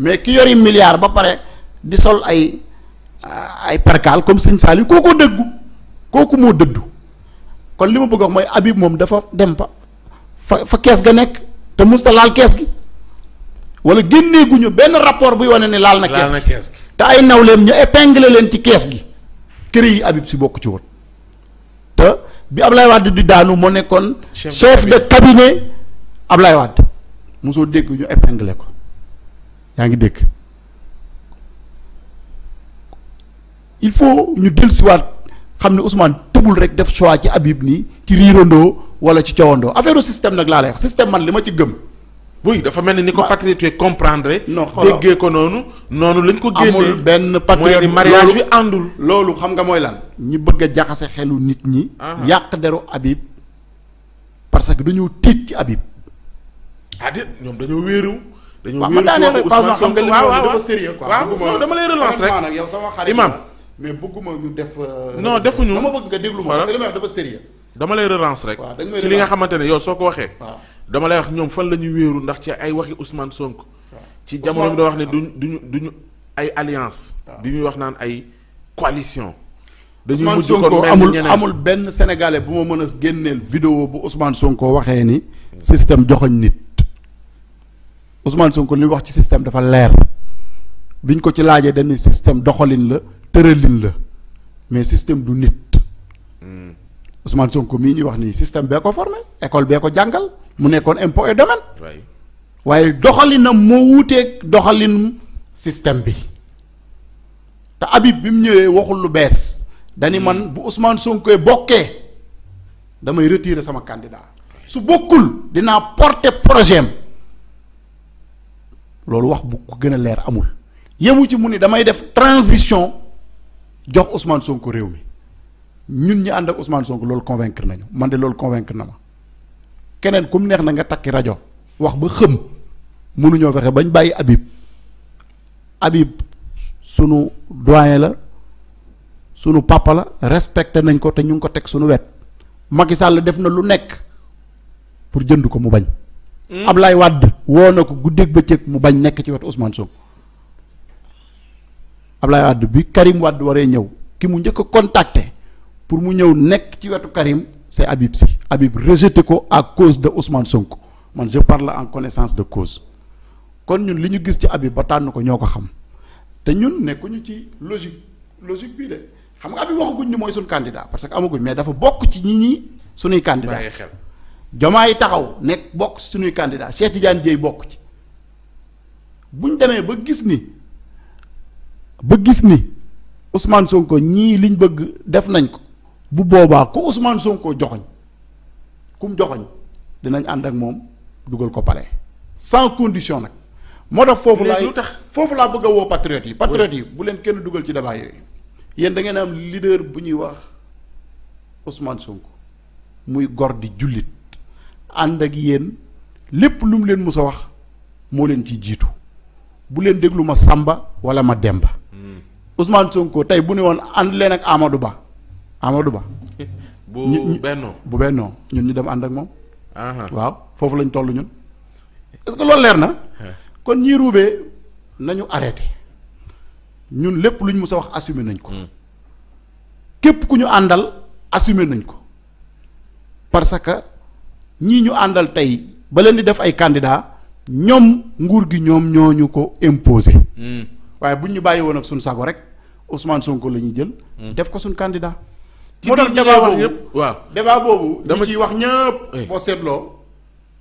mais ki yor yi milliard ba pare di sol ay ay percal comme sëñ Saliou kooku déggu kooku moo dëddu kon li ma bëgg wax mooy Habib moom dafa dem fa fa kees ga nekk te musta laal kees gi wala génneeguñu benn rapport buy wane ne laal na kees gi te ay nawleem ñu épinglé leen ci kees gi kër yi Habib si bokk ci woon te bi Ablaye Wade di daanu moo nekkoon chef de cabinet Ablaye Wade mosoo dégg ñu épinglé ko yaa ngi dégg il faut ñu siwaat xam ne Ousmane tëbul rek def choix ci Habib nii ci riirandoo wala ci coowandoo affaire système nag laa lay wax système man li ma ci gëm. buy dafa mel ni ni ko patriote comprendre. non déggee ko noonu. noonu lañ ko génnee benn patriote mooy ni mariage bi àndul. loolu xam nga mooy lan. ñi bëgg a jaxase xelu nit ñi. Ah. yàq deru Habib parce que dañoo tiit ci Habib. ah ñoom dañoo wéeru. dañoo wéeru ci waxu xam nga li dafa sérieux quoi lay relance rek nag yow sama xarit mais bëgguma ñu def euh, non defuñu dama bëgg nga déglu ma parce que li may wax dafa sérieux dama lay relance rek ci li nga xamante ne yow soo ko waxee dama lay wax ñoom fan la ñuy wéeru ndax ci ay waxi Ousmane Sonko ci jamono bi da wax ne duñ duñu duñu ay alliance bi muy wax naan ay coalition dañuy mujj kon amul amul benn sénégalais bu ma mën a génneel vidéo bu Ousmane Sonko waxee ni système joxoñ nit Ousmane Sonko li wax ci système dafa leer biñ ko ci laajee dañuy système doxalin la tëralin la mais système du nit hmm. Ousmane Sonko mii ñuy wax nii système bee ko formé école bee ko jàngal mu nekkoon impôt et domaine. waaye doxalinam moo wuuteeg doxalin système bi te Habib bi mu ñëwee waxul lu bees dañu hmm. man bu Ousmane Sonko bokkee damay retirer sama candidat su bokkul dinaa porter projet am loolu wax bu ko gën a leer amul yemu ci mu ni damay def transition jox Ousmane Sonko réew mi ñun ñi ànd ak Ousmane Sonko loolu convaincre nañu man de loolu convaincre na ma keneen kum neex na nga takki rajo wax ba xëm mënuñoo fexe bañ bàyyi abib Habib sunu doyen la sunu papa la nañ ko te ñu ngi ko teg sunu wet Macky Sall def na lu nekk pour jënd ko mu bañ. Hmm. Ablaye Wade woo na ko guddeeg bëccëg mu bañ nekk ci wetu Ousmane Sonko Ablaye Wade bi Karim Wade waree ñëw ki mu njëkk a contacter pour mu ñëw nekk ci wetu Karim c'est Habib Sy Habib rejeté ko à cause de Ousmane Sonko man je parle en connaissance de cause kon ñun li ñu gis ci Habib ba tànn ko ñoo ko xam te ñun nekkuñu ci logique logique bii de xam nga Habib waxaguñ ni mooy suñu candidat parce que amaguñ mais dafa bokk ci ñi ñi suñuy candidat bàyyi xel Jomaay taxaw nekk bokk suñuy candidat Cheikh Tidiane Dieye bokk ci buñ demee ba gis ni ba gis ni Ousmane Sonko ñii liñ bëgg def nañ ko bu boobaa ku Ousmane Sonko joxoñ ku joxoñ dinañ ànd ak moom dugal ko pare sans condition nag. moo tax foofu laay lu tax foofu laa bëgg woo patriotes yi. patriotes yi bu leen kenn dugal ci débat yooyu. yéen da ngeen am leader bu ñuy wax Ousmane Sonko muy gor di jullit. ànd ak yéen lépp lu mu leen mus a wax moo leen ci jiitu bu leen déglu ma Samba wala ma Demba hmm. Ousmane Sonko tey bu ne woon ànd leen ak Amadou Ba Amadou Ba. bu bennoo bu bennoo ñun ñu dem ànd ak moom. waaw foofu lañ toll ñun. est que loolu leer na. kon ñii ruubee nañu arrêté ñun lépp luñ mus a wax assumer nañ ko. Hmm. képp ku ñu àndal assumer nañ ko parce que. ñii ñu àndal tey ba leen di def ay candidat ñoom nguur gi ñoom ñoo ñu ko imposer. Hmm. waaye buñ ñu bàyyi woon ak suñ sago rek Ousmane Sonko la ñuy jël. Hmm. def ko suñ candidat. moo tax débat boobu waaw débat boobu. dama ciy wax ñëpp. boo seetloo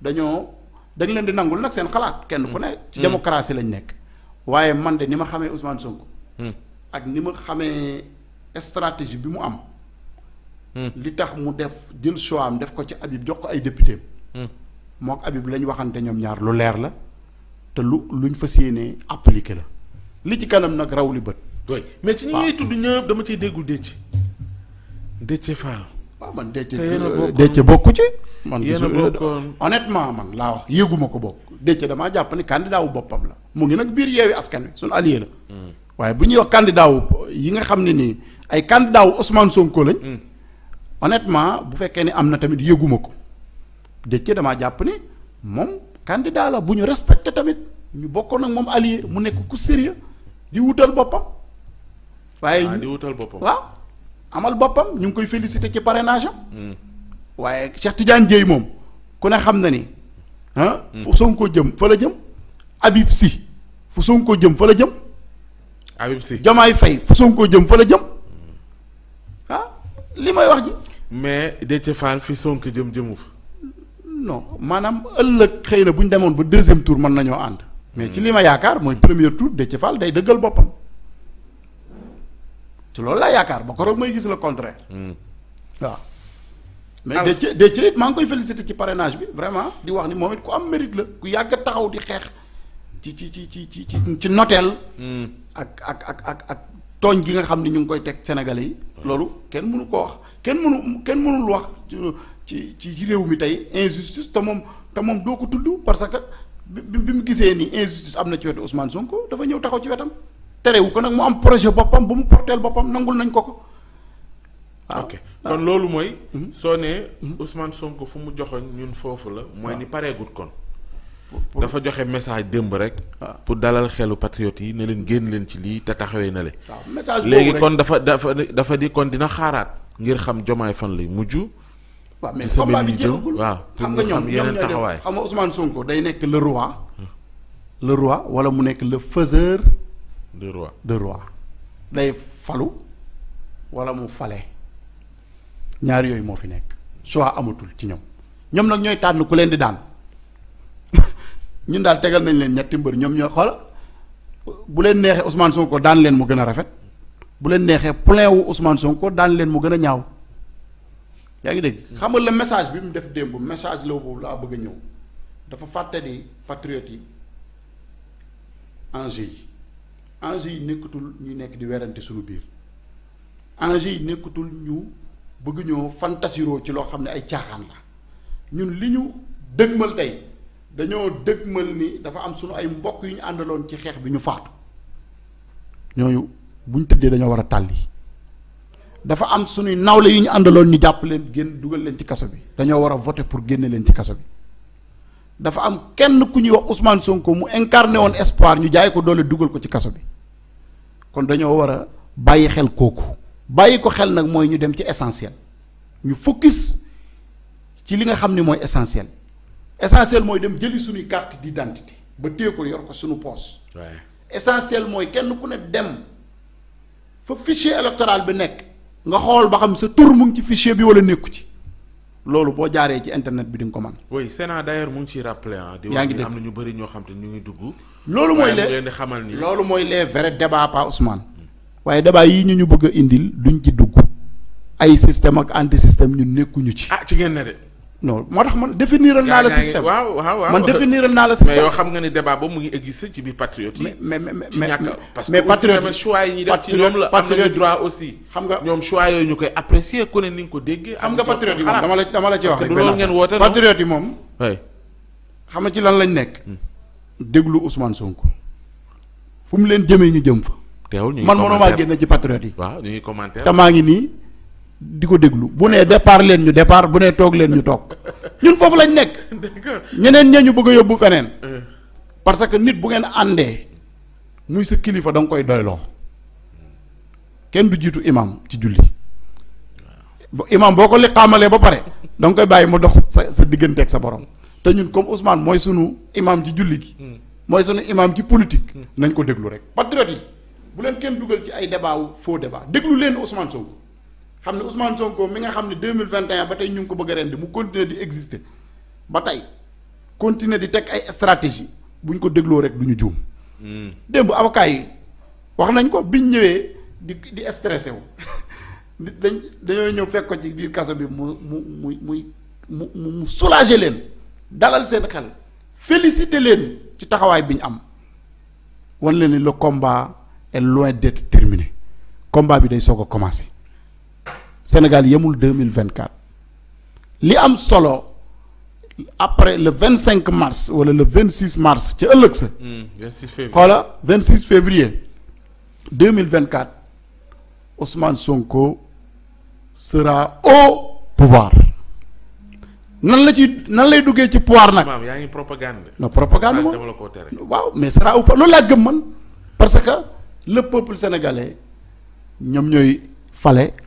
dañoo dañ leen di nangul nag seen xalaat. kenn ku ne hmm. ci démocratie lañ nekk. waaye man de ni ma xamee Ousmane Sonko. ak ni ma xamee stratégie bi mu am. li tax mu def jël choix am def ko ci Habib jox ko ay député am. Hmm. moo ak Habib la waxante ñoom ñaar lu leer la te lu luñ fas yéenee appliqué la li ci kanam nag raw li bët. oui mais ci ñi ñuy tudd ñëpp dama ciy déggul Déthié. Déthié Fall. waaw man Déthié euh, Déthié bokku ci. man yéen euh, bokkoon man laa wax yëguma ko bokk Déthié damaa jàpp ni candidat boppam la mu ngi nag biir yeewi askan wi suñu allié la. Hmm. waaye bu ñuy wax candidat wu yi nga xam ne nii ay candidat wu Ousmane Sonko lañ. Hmm. honnêtement bu fekkee ne am na tamit yëguma ko Déthié damaa jàpp ne moom candidat la bu ñu respecté tamit ñu bokkoon nag moom allié mu nekk ku sérieux di wutal boppam. waaye ah, di wutal boppam waaw amal boppam ñu ngi koy félicité ci parrainage am. Hmm. waaye Cheikh Tidiane Dièye moom ku ne xam na ni. ah fu Sonko jëm fa la jëm. Habib Sy fu Sonko jëm fa la jëm. Habib Sy Diomaye Faye fu Sonko jëm fa la jëm hmm. ah li may wax ji. mais Déthié Fall fi Sonko jëm jëmu fa. non maanaam ëllëg xëy na bu ñu demoon ba deuxième tour mën nañoo ànd. mais ci li ma yaakaar mooy premier tour Déthié Fall day dëggal boppam. ci loolu laa yaakaar ba koroog may gis le contraire. Hmm. waaw. mais Déthié Déthié it maa ngi koy féliciter ci parrainage bi vraiment di wax ni moom it ku am mérite la ku yàgg taxaw di xeex ci ci ci ci ci ci noteel. Hmm. ak ak ak ak ak tooñ gi nga xam ni ñu ngi koy teg Sénégalais yi. loolu kenn mënu ko wax kenn mënu kenn mënul wax ci ci réew mi tey injustice te moom te moom doo ko tudd parce que bi bi mu gisee ni injustice am na ci wetu Ousmane Sonko dafa ñëw taxaw ci wetam terewu ko nag mu am projet boppam bu mu porteel boppam nangul nañ ko ko. Ah. ok kon loolu mooy. Ah. soo nee mm-hmm. usman Sonko fu mu joxo ñun foofu la. mooy ah. ni pareegut kon. dafa joxe message démb rek. pour dalal xelu patriote yi ne leen génn leen ci lii te taxawee na le. message léegi kon dafa dafa dafa di kon dina xaaraat ngir xam jomaay fan lay mujj. waaw mais combat bi jeexagul xam nga ñoom yeneen taxawaay xam nga Ousmane Sonko day nekk le roi. le roi wala mu nekk le faiseur. de roi day falu wala mu fale ñaar yooyu moo fi nekk choix amatul ci ñoom ñoom nag ñooy tànn ku leen di daan. ñun daal tegal nañ leen ñetti mbër ñoom ñoo xoola bu leen neexee Ousmane Sonko daan leen mu gën a rafet bu leen neexee plein wu Ousmane Sonko daan leen mu gën a ñaaw yaa ngi dégg xam nga le message bi mu def démb message la boobu laa bëgg a ñëw dafa fàtte ni yi enjeu yi enjeu yi nekkatul ñu nekk di werante suñu biir enjeu yi nekkatul ñu bëgg ñoo fantasiroo ci loo xam ne ay caaxaan la ñun li ñu dëgmal tey dañoo dëgmal ni dafa am sunu ay mbokk yu ñu àndaloon ci xeex bi ñu faatu ñooñu bu ñu tëddee dañoo war a tàlli dafa am sunuy nawle yu ñu àndaloon ñu jàpp leen génn dugal leen ci kaso bi dañoo war a pour génne leen ci kaso bi dafa am kenn ku ñuy wax Ousmane Sonko mu incarné woon espoir ñu jaay ko doole dugal ko ci kaso bi kon dañoo war a bàyyi xel kooku bàyyi ko xel nag mooy ñu dem ci essentiel ñu fukkis ci li nga xam ni mooy essentiel. essentiel mooy dem jëli suñuy di d'identité ba téye ko yor ko suñu poos essentiel mooy kenn ku ne dem fa fichier électoral bi nekk nga xool ba xam sa tur mu ngi ci fichier bi wala nekku ci loolu boo jaaree ci internet bi di nga ko mën. oui Sénat d'ailleurs mu ngi ciy rappelé ah. ngi dégg ñu bëri ñoo xam te ñu ngi dugg. loolu mooy les di xamal ni loolu mooy les vrais débats pas Ousmane. waaye débat yii ñu ñu bëgg indil duñ ci dugg ay système ak anti système ñu nekkuñu ci. ah ci ngeen ne de. non moo tax man définiral naa la système waaw waaw man définiral naa la système mais yoo xam nga ni débat boobu mu ngi existé ci biir patriote yi. mais mais mais mais parce que am nga ñoom choix yooyu ñu koy apprécier ku ne ni nga ko déggee. am nga patriote yi moom dama la dama la ci wax rek. yi xam nga ci lan lañ nekk. Hmm. déglu Ousmane Sonko fu mu leen jëmee ñu jëm fa. teewul ñu ngi man mënoo maa génne ci patriote yi. waaw ñu ngi maa ngi nii di ko déglu bu nee départ leen ñu départ bu nee toog leen ñu toog ñun foofu lañ nekk ñeneen ñee ñu bëgg a yóbbu feneen euh. parce que nit bu ngeen àndee muy sa kilifa da nga koy doyloo kenn du jiitu imam ci julli imam boo ko li xaamalee ba pare da bàyyi mu dox sa sa digganteeg sa borom te ñun comme Ousmane mooy sunu imam ci julli gi hmm. mooy sunu imam ci politique nañ ko déglu rek patriote yi bu leen kenn dugal ci ay débat wu faux débat déglu leen Ousmane Sonko xam ne Ousmane Sonko mi nga xam ne deux mille vingt et un ba tey ñu ngi ko bëgg a rendi mu continuer di exister ba tey continuer di teg ay stratégie buñ ko dégloo rek du ñu juum. Hmm. démb avocats wax nañ ko biñ ñëwee di di stressé wu dañ dañoo ñëw fekk ko ci biir kaso bi mu mu mu muy mu mu soulager leen dalal seen xel féliciter leen ci taxawaay bi ñu am wan leen ni le combat est loin d'être terminé combat bi day soog a commencer. Sénégal yemul deux mille vingt quatre li am solo après le vingt cinq mars wala le vingt six mars ci ëllëg sa. Hmm, vingt xoola vingt six février deux mille vingt quatre Ousmane Sonko sera au pouvoir. nan la ci nan lay duggee ci pouvoir nag. maam yaa ngi propagande. non propagande moom waaw mais sera au pouvoir loolu laa gëm man parce que le peuple sénégalais ñoom ñooy fale.